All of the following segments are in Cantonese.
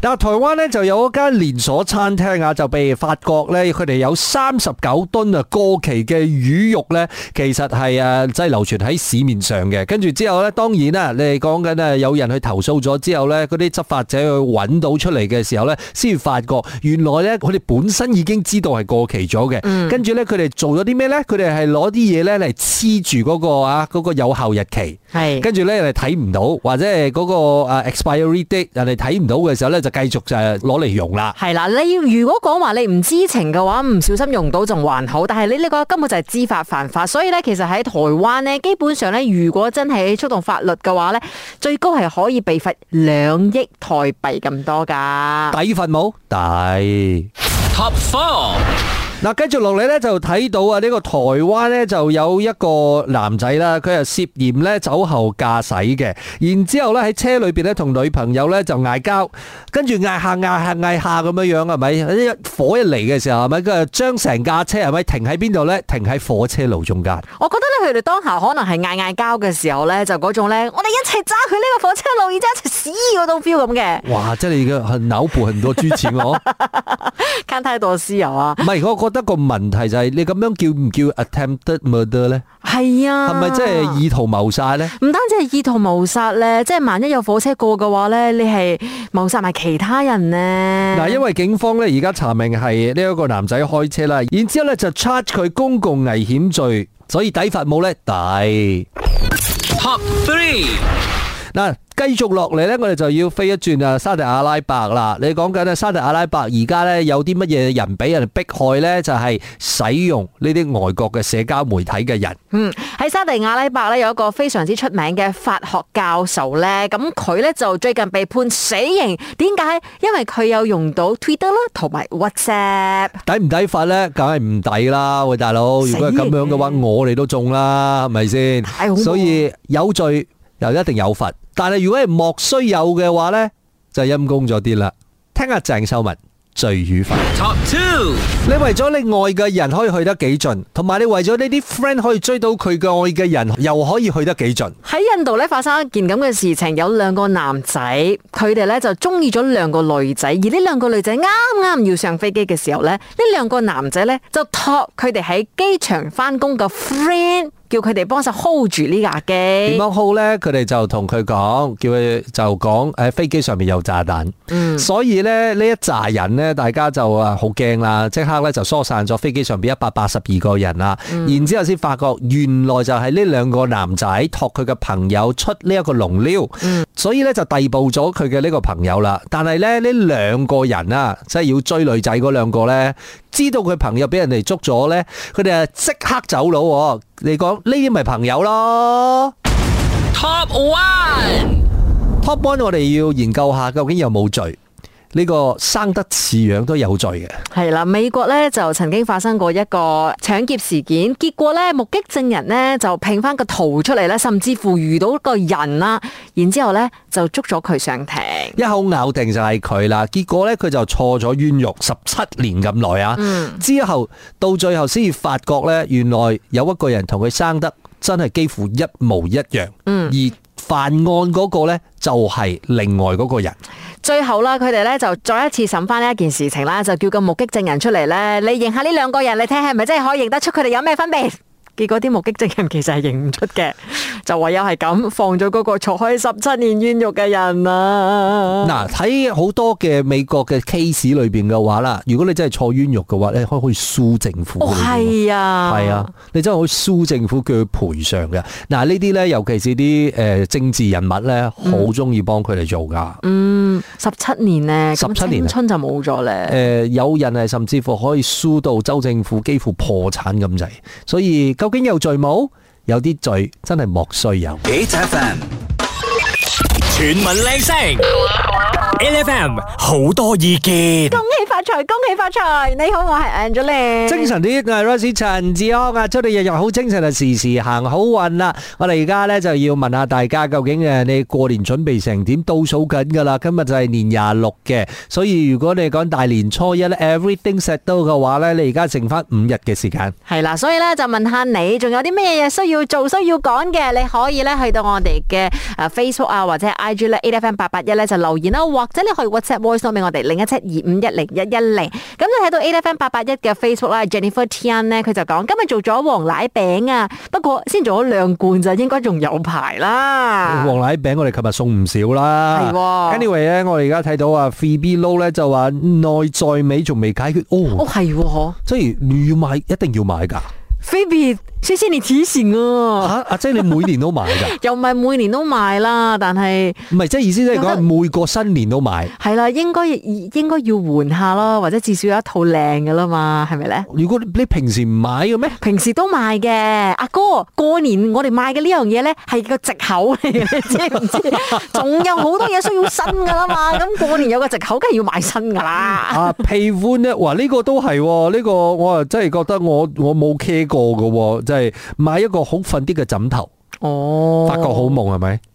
嗱，台灣咧就有一間連鎖餐廳啊，就被發覺咧，佢哋有三十九噸啊過期嘅魚肉咧，其實係誒流傳喺市面上嘅。跟住之後咧，當然啦，你講緊啊有人去投訴咗之後咧，嗰啲執法者去揾到出嚟嘅時候咧，先至發覺原來咧佢哋本身已經知道係過期咗嘅。Mm. 跟住咧，佢哋做咗啲咩咧？佢哋係攞啲嘢咧嚟黐住嗰個啊個有效日期。係，跟住咧人哋睇唔到，或者係嗰個誒 expiry date 人哋睇唔到嘅時候咧，就繼續就攞嚟用啦。係啦，你要如果講話你唔知情嘅話，唔小心用到仲還還好，但係你呢個根本就係知法犯法，所以咧其實喺台灣咧，基本上咧如果真係觸動法律嘅話咧，最高係可以被罰兩億台幣咁多噶。抵罰冇？抵。Top four。嗱，繼續落嚟咧，就睇到啊呢個台灣咧就有一個男仔啦，佢係涉嫌咧酒後駕駛嘅，然之後咧喺車裏邊咧同女朋友咧就嗌交，跟住嗌下嗌下嗌下咁樣樣，係咪？火一嚟嘅時候，係咪？佢啊將成架車係咪停喺邊度咧？停喺火車路中間。我覺得咧佢哋當下可能係嗌嗌交嘅時候咧，就嗰種咧，我哋一齊揸佢呢個火車路，然之後一齊死。我都 feel 咁嘅。哇！真係嘅，很腦補很多劇情 卡太多私油啊！唔係，我覺得個問題就係你咁樣叫唔叫 attempted murder 咧？係啊，係咪即係意圖謀殺咧？唔單止係意圖謀殺咧，即係萬一有火車過嘅話咧，你係謀殺埋其他人咧。嗱，因為警方咧而家查明係呢一個男仔開車啦，然之後咧就 charge 佢公共危險罪，所以抵罰冇咧抵。Top three 嗱。繼續落嚟，呢，我哋就要飛一轉啊，沙特阿拉伯啦。你講緊呢，沙特阿拉伯而家呢有啲乜嘢人俾人迫害呢？就係使用呢啲外國嘅社交媒體嘅人。嗯，喺沙特阿拉伯呢有一個非常之出名嘅法學教授呢，咁佢呢就最近被判死刑。點解？因為佢有用到 Twitter 啦，同埋 WhatsApp。抵唔抵法呢？梗係唔抵啦，喂大佬。如果係咁樣嘅話，我哋都中啦，係咪先？所以有罪。又一定有罰，但係如果係莫須有嘅話咧，就陰功咗啲啦。聽下鄭秀文罪與罰。Top two，你為咗你愛嘅人可以去得幾盡，同埋你為咗呢啲 friend 可以追到佢嘅愛嘅人，又可以去得幾盡。喺印度咧，發生一件咁嘅事情，有兩個男仔，佢哋咧就中意咗兩個女仔，而呢兩個女仔啱啱要上飛機嘅時候咧，呢兩個男仔咧就託佢哋喺機場返工嘅 friend。叫佢哋幫手 hold 住呢架機，點樣 hold 呢？佢哋就同佢講，叫佢就講，誒，飛機上面有炸彈，嗯、所以呢，呢一紮人呢，大家就啊好驚啦，即刻咧就疏散咗飛機上邊一百八十二個人啦，嗯、然之後先發覺原來就係呢兩個男仔託佢嘅朋友出呢一個龍料。嗯所以咧就逮捕咗佢嘅呢個朋友啦，但係咧呢兩個人啊，即係要追女仔嗰兩個呢，知道佢朋友俾人哋捉咗呢，佢哋啊即刻走佬。你講呢啲咪朋友咯？Top one，Top one，我哋要研究下究竟有冇罪。呢個生得似樣都有罪嘅，係啦。美國咧，就曾經發生過一個搶劫事件，結果咧，目擊證人咧就拼翻個圖出嚟咧，甚至乎遇到個人啦，然之後咧就捉咗佢上庭，一口咬定就係佢啦。結果咧佢就錯咗冤獄十七年咁耐啊。之後到最後先至發覺咧，原來有一個人同佢生得真係幾乎一模一樣，而犯案嗰個咧就係另外嗰個人。最後啦，佢哋咧就再一次審翻呢一件事情啦，就叫個目擊證人出嚟咧，你認下呢兩個人，你睇下係咪真係可以認得出佢哋有咩分別？結果啲目擊證人其實係認唔出嘅，就唯有係咁放咗嗰個坐咗十七年冤獄嘅人啊！嗱，睇好多嘅美國嘅 case 裏邊嘅話啦，如果你真係坐冤獄嘅話咧，可可以訴政府、那個。哦，係啊，係啊，你真係可以訴政府叫佢賠償嘅。嗱、啊，這些呢啲咧，尤其是啲誒政治人物咧，好鍾意幫佢哋做㗎。嗯，十七年咧，十七年青春就冇咗咧。誒、呃，有人係甚至乎可以訴到州政府幾乎破產咁滯，所以今。究竟有罪冇？有啲罪真係莫須有。H F M 全民靚聲，A F M 好多意見。恭喜發財！你好，我係 Angelina，精神啲啊，Rosie、陳志安啊，祝你日日好精神啊，時時行好運啦！我哋而家咧就要問下大家，究竟誒你過年準備成點？倒數緊噶啦，今日就係年廿六嘅，所以如果你講大年初一咧，everything set 到嘅話咧，你而家剩翻五日嘅時間。係啦，所以咧就問下你，仲有啲咩嘢需要做、需要講嘅，你可以咧去到我哋嘅啊 Facebook 啊或者係 IG 咧，ATFM 八八一咧就留言啦、啊，或者你去 WhatsApp voice note 畀我哋零一七二五一零一。一零咁就睇到 ATM 八八一嘅 Facebook 啦，Jennifer Tian 咧佢就講今日做咗黃奶餅啊，不過先做咗兩罐就，應該仲有排啦。黃奶餅我哋琴日送唔少啦。係 Anyway 咧，我哋而家睇到啊，Phoebe Low 咧就話內在美仲未解決哦。哦係，即係你要買一定要買噶。Phoebe 先生你黐線啊，啊！吓，阿姐你每年都買噶？ 又唔係每年都買啦，但係唔係即係意思即係講每個新年都買。係啦，應該應該要換下咯，或者至少有一套靚噶啦嘛，係咪咧？如果你，你平時唔買嘅咩？平時都買嘅，阿哥，哥過年我哋買嘅呢樣嘢咧係個藉口嚟嘅，即知唔知？仲 有好多嘢需要新噶啦嘛，咁過年有個藉口梗係要買新噶啦。啊，屁款咧，哇、這、呢個都係呢個，我啊真係覺得我我冇 care 過噶、哦。就係買一個好瞓啲嘅枕頭哦，發覺好夢係咪？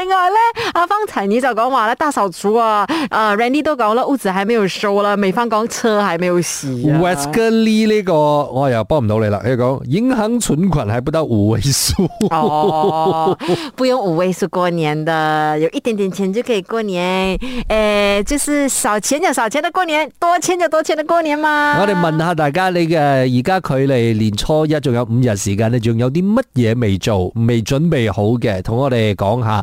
另外咧？阿方晨，你就講話啦，大掃除啊！啊，Randy 都講啦，屋子還沒有收啦，美方講車還沒有洗，啊。West Lee 呢個我、哦、又幫唔到你啦，佢講銀行存款係不得五位數。 哦，不用五位數過年的，有一點點錢就可以過年。誒、呃，就是少錢就少錢的過年，多錢就多錢的過年嘛。我哋問下大家你的，你嘅而家距離年初一仲有五日時間，你仲有啲乜嘢未做、未準備好嘅，同我哋講下，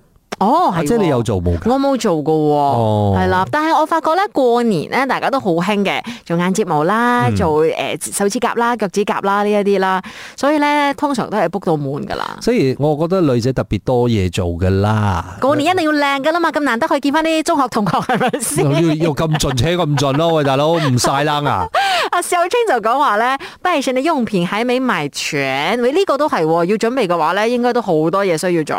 哦，即係你有做冇？我冇做過，係啦。但係我發覺咧，過年咧大家都好興嘅，做眼睫毛啦，做誒手指甲啦、腳趾甲啦呢一啲啦。所以咧，通常都係 book 到滿噶啦。所以我覺得女仔特別多嘢做噶啦。過年一定要靚噶啦嘛，咁難得去見翻啲中學同學係咪先？要要咁盡且咁盡咯，喂大佬唔曬冷啊！阿、啊、小青就講話咧，buy 聖誕用品喺未買全，你、這、呢個都係、哦、要準備嘅話咧，應該都好多嘢需要做。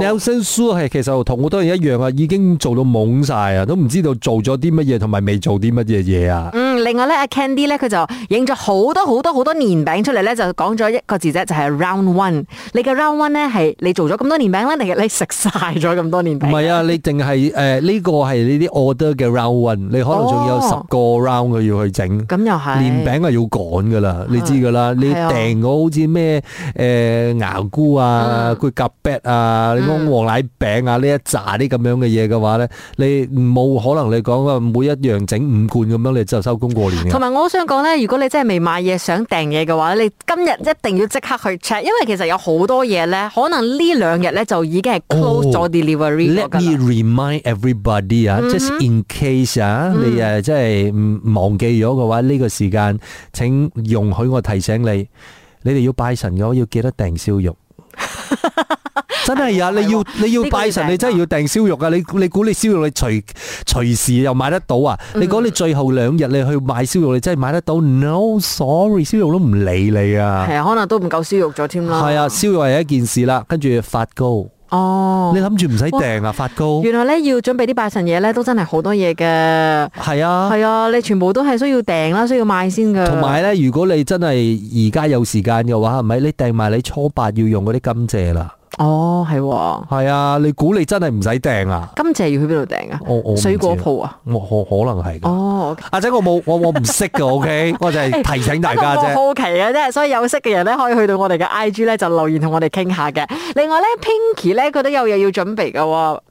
Nelson Sir 係其實同好多人一樣啊，已經做到懵曬啊，都唔知道做咗啲乜嘢，同埋未做啲乜嘢嘢啊。另外咧，阿 Candy 咧，佢就影咗好多好多好多年餅出嚟咧，就講咗一個字啫，就係 round one。你嘅 round one 咧係你做咗咁多年餅咧，定係你食晒咗咁多年餅？唔係啊，你淨係誒呢個係你啲 order 嘅 round one。你可能仲有十個 round 嘅要去整。咁又係。年餅係要趕噶啦，你知噶啦。你訂個好似咩誒牙箍啊，佢夾餅啊，你講黃奶餅啊呢一扎啲咁樣嘅嘢嘅話咧，你冇可能你講啊每一樣整五罐咁樣，你就收工。同埋，我想講咧，如果你真係未買嘢，想訂嘢嘅話，你今日一定要即刻去 check，因為其實有好多嘢咧，可能呢兩日咧就已經係 close 咗 delivery。Oh, let me remind everybody 啊、mm hmm，just in case 啊、mm，hmm。你誒真係忘記咗嘅話，呢個時間請容許我提醒你，你哋要拜神嘅話，要記得訂燒肉。真係呀！你要你要拜神，你真係要訂燒肉啊。你你估你燒肉，你隨隨時又買得到啊？你講你最後兩日你去買燒肉，你真係買得到？No，sorry，燒肉都唔理你啊。係啊，可能都唔夠燒肉咗添啦。係啊，燒肉係一件事啦，跟住發糕。哦，你諗住唔使訂啊，發糕。原來咧要準備啲拜神嘢咧，都真係好多嘢嘅。係啊，係啊，你全部都係需要訂啦，需要買先噶。同埋咧，如果你真係而家有時間嘅話，係咪你訂埋你初八要用嗰啲甘蔗啦？哦，係、啊，係 啊！你估你真係唔使訂啊？今次要去邊度訂啊？水果鋪啊？我可可能係哦，阿、okay、仔，我冇，我我唔識噶 ，OK，我就係提醒大家啫。 欸，那個，好奇啊，真係，所以有識嘅人咧，可以去到我哋嘅 IG 咧，就留言同我哋傾下嘅。另外咧，Pinky 咧，佢都有嘢要準備噶。